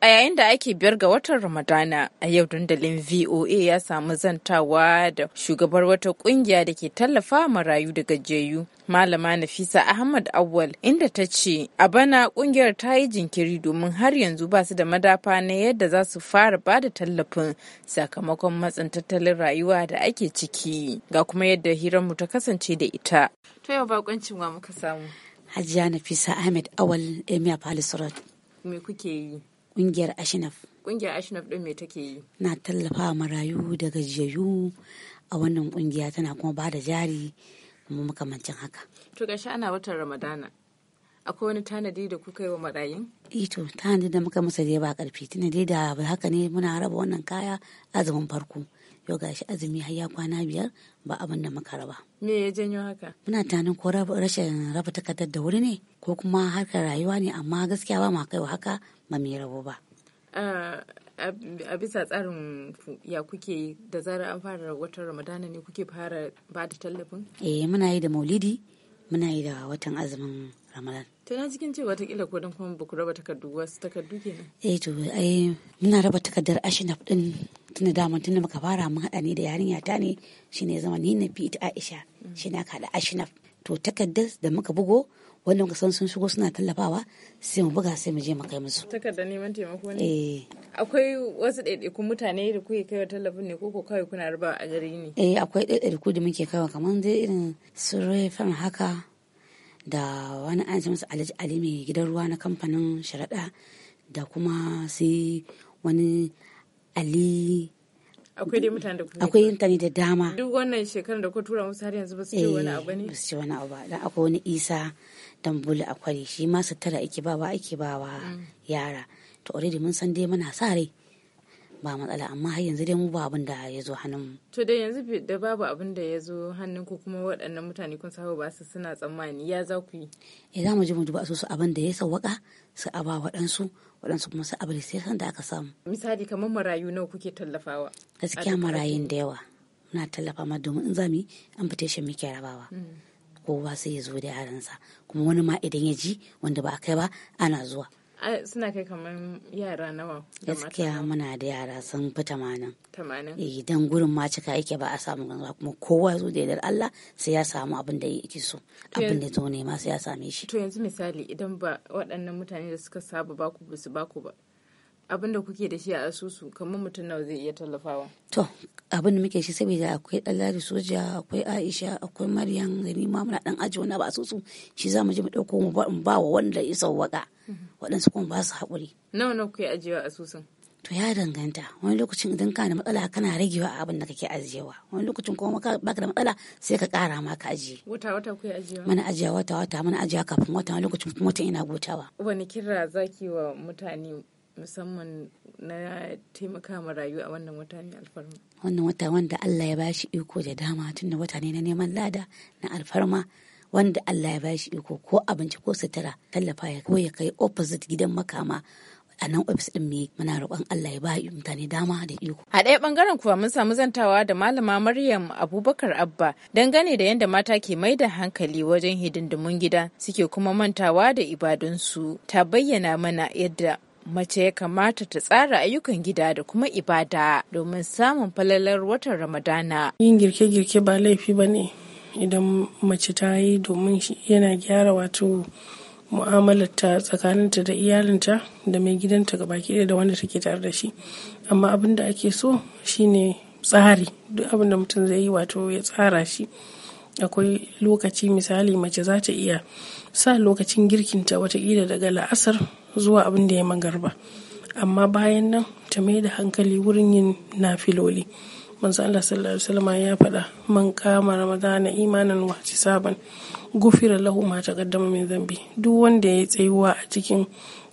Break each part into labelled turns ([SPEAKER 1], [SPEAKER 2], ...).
[SPEAKER 1] A yayin da ake biyar ga watan Ramadana a yau dandalin VOA ya samu zantawa da shugabar wata kungiya da ke tallafa marayu da gajiyayyu Malama Nafisa Ahmad Awal inda ta ce a bana kungiyar ta yi jinkiri domin har yanzu ba su da madafa na yadda za su fara ba da tallafin sakamakon matsin tattalin rayuwa da ake ciki ga kuma yadda hirarmu ta kasance da ita. To yau bakoncin wa muka samu.
[SPEAKER 2] Hajiya Nafisa Ahmed Awal Emir Palisrod.
[SPEAKER 1] Me kuke yi?
[SPEAKER 2] kungiyar ashinaf
[SPEAKER 1] Ƙungiyar ashinaf ɗin me take yi
[SPEAKER 2] na tallafa marayu da gajiyayyu a wannan kungiya tana kuma ba da jari kuma makamancin haka
[SPEAKER 1] to gashi ana watan ramadana akwai wani tanadi da kuka yi wa marayun?
[SPEAKER 2] ito eh tanadi da muka musa dai ba karfi tanadi da haka ne muna raba wannan kaya azumin farko yau gashi azumi har ya kwana biyar ba abin da muka raba.
[SPEAKER 1] Me ya janyo haka?
[SPEAKER 2] Muna tunanin ko rashin raba takardar da wuri ne ko kuma harkar rayuwa ne amma gaskiya ba ma kaiwa haka ba mu rabo ba.
[SPEAKER 1] a bisa tsarin ya kuke da zarar an fara watan ramadana ne kuke fara ba da tallafin?
[SPEAKER 2] eh muna yi da maulidi muna yi da watan azumin ramadan
[SPEAKER 1] to na cikin cewa ta kila dan kuma baku raba takardu wasu takardu kenan
[SPEAKER 2] eh to ai muna raba takardar ashinaf din tunda mun tunda muka fara mun hada ne da yarinya ta ne shine ya zama ni na fi ita aisha mm. shi na kada ashinaf to takardar da muka bugo wannan muka san sun shigo suna tallafawa sai mu buga sai mu je mu kai musu
[SPEAKER 1] takardar neman taimako ne eh akwai wasu ɗaiɗaikun mutane da kuke kaiwa tallafin ne koko kawai kuna raba a gari
[SPEAKER 2] ne eh akwai ɗaiɗaiku da muke kaiwa kamar dai irin su refan haka da wani an ce masa alhaji ali mai gidan ruwa na kamfanin sharaɗa da kuma sai wani ali
[SPEAKER 1] akwai dai mutane da kuma akwai
[SPEAKER 2] mutane da dama
[SPEAKER 1] duk wannan shekarar da ku tura musu har yanzu ba su ce eh, wani abu ne
[SPEAKER 2] ba su ce wani abu ba dan akwai wani isa dambulu a kwari shi ma tara ake bawa ake bawa mm. yara to already mun san dai muna sa rai ba matsala amma har yanzu dai mu ba abin da ya zo hannun mu
[SPEAKER 1] to dai yanzu da babu abin da ya zo hannun ku kuma waɗannan mutane kun saba ba su suna tsammani ya za ku
[SPEAKER 2] yi eh za mu je mu duba su abin da ya sawwaka su aba waɗansu waɗansu kuma su sai da aka samu
[SPEAKER 1] misali kamar marayu nawa kuke tallafawa gaskiya marayun
[SPEAKER 2] da yawa muna tallafa ma domin in zamu yi shi muke rabawa mm. kowa sai ya zo da yaransa kuma wani ma idan ya ji wanda ba a kai ba ana zuwa
[SPEAKER 1] suna kai kamar yara
[SPEAKER 2] nawa gaskiya muna da yara sun fi tamanin idan eh, gurin ma cika yake ba a samu ganza kuma kowa zo da yadar Allah sai ya samu abin da yake so abin da zo ma sai ya same shi to yanzu misali idan ba waɗannan mutane da suka saba baku ba su ku ba
[SPEAKER 1] abin da kuke da shi a asusu kamar mutum nawa zai iya tallafawa
[SPEAKER 2] to abin da muke shi saboda akwai ɗallari soja akwai aisha akwai maryam gani ma muna dan aji wani ba asusu shi za mu je mu ɗauko mu ba wa wanda ya sauwaka waɗansu kuma ba su haƙuri.
[SPEAKER 1] Nawa nawa kuke ajiyewa asusun?
[SPEAKER 2] To ya danganta wani lokacin idan kana da matsala kana ragewa a abin da kake ajiyewa wani lokacin kuma baka da matsala sai ka ƙara ma ka ajiye.
[SPEAKER 1] Wata wata kuke ajiyewa? Mana ajiya
[SPEAKER 2] wata wata mana ajiya kafin wata wani lokacin kuma wata ina gotawa.
[SPEAKER 1] Wani kira zaki wa mutane musamman na taimaka ma rayuwa a wannan wata ne alfarma.
[SPEAKER 2] Wannan wata wanda Allah ya bashi iko da dama tunda wata ne na neman lada na alfarma. wanda Allah ya bashi iko ko abinci ko sutura tallafa ya ko ya kai opposite gidan makama a nan ofis din me muna roƙon Allah ya ba mutane dama da iko.
[SPEAKER 1] A ɗaya bangaren kuwa mun samu zantawa da malama Maryam Abubakar Abba dangane da yadda mata ke mai da hankali wajen hidindimun gida suke kuma mantawa da ibadunsu ta bayyana mana yadda mace ya kamata ta tsara ayyukan gida da kuma ibada domin samun falalar watan Ramadana.
[SPEAKER 3] Yin girke-girke ba laifi ba ne. idan mace ta yi domin yana gyara wato mu'amalarta tsakaninta da iyalinta da mai gidanta ga baki da wanda take tare da shi amma abin da ake so shine tsari duk abin da mutum zai yi wato ya tsara shi akwai lokaci misali mace za ta iya sa lokacin girkinta watakila daga la'asar zuwa abin da ya magarba amma bayan nan ta mai da hankali wurin yin nafiloli manzo Allah sallallahu alaihi wasallam ya faɗa man kama ramadana imanan wa hisaban gufira lahu ma taqaddama min zambi duk wanda ya yi tsayuwa a cikin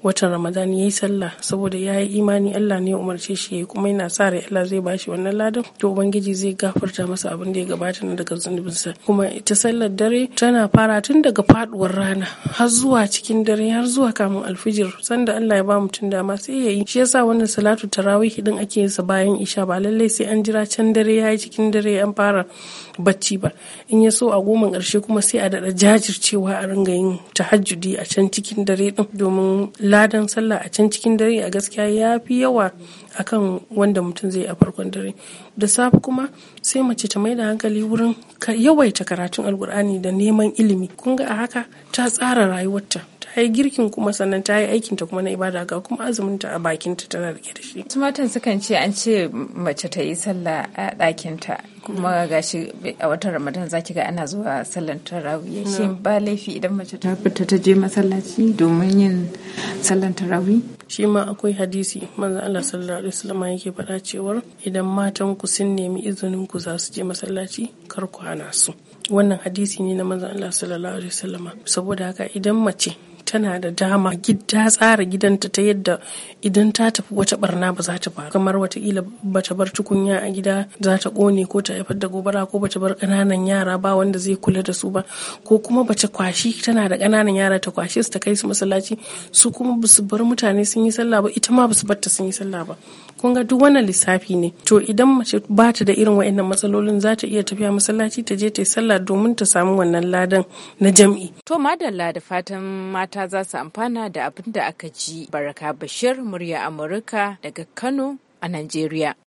[SPEAKER 3] watan ramadan ya yi sallah saboda ya yi imani allah ne ya umarce shi ya kuma yana sa rai allah zai bashi wannan ladan to ubangiji zai gafarta masa abin da ya gabata na daga zunubinsa kuma ita sallar dare tana fara tun daga faduwar rana har zuwa cikin dare har zuwa kamun alfijir sanda allah ya ba mutum dama sai ya yi shi yasa wannan salatu tarawih din ake yin sa bayan isha ba lallai sai an jira can dare ya yi cikin dare an fara bacci ba in ya so a goma karshe kuma sai a daɗa da jajircewa a ringa yin tahajjudi a can cikin dare din domin ladan sallah a can cikin dare a gaskiya ya fi yawa a kan wanda mutum zai a farkon dare da safe kuma sai mace ta mai da hankali wurin yawaita karatun alkur'ani da neman ilimi kun ga a haka ta tsara rayuwarta ta yi girkin kuma sannan ta yi aikinta kuma na ibada ga kuma azuminta a bakinta tana da shi. matan sukan ce an ce mace ta yi sallah a ɗakinta
[SPEAKER 1] kuma shi a watan ramadan zaki ga ana zuwa sallan tarawih shi ba laifi idan mace ta
[SPEAKER 3] fita ta je masallaci domin yin sallan tarawih shi ma akwai hadisi manzo Allah sallallahu alaihi wasallam yake faɗa cewar idan matan ku sun nemi izinin ku za su je masallaci kar ku hana su wannan hadisi ne na manzo Allah sallallahu alaihi wasallam saboda haka idan mace tana da dama gida tsara gidanta ta yadda idan ta tafi wata barna ba za ta ba kamar watakila ba ta bar tukunya a gida za ta kone ko ta haifar da gobara ko ba ta bar ƙananan yara ba wanda zai kula da su ba ko kuma ba ta kwashi tana da ƙananan yara ta kwashe su ta kai su masallaci su kuma ba su bar mutane sun yi sallah ba ita ma ba su bar ta sun yi sallah ba kun ga duk wannan lissafi ne to idan mace ba ta da irin wa'annan matsalolin za ta iya tafiya masallaci ta je ta yi sallah domin ta samu wannan ladan na jam'i to madalla
[SPEAKER 1] da fatan mata za su amfana da abin da aka ji. Baraka Bashir, murya Amurka daga Kano a Najeriya.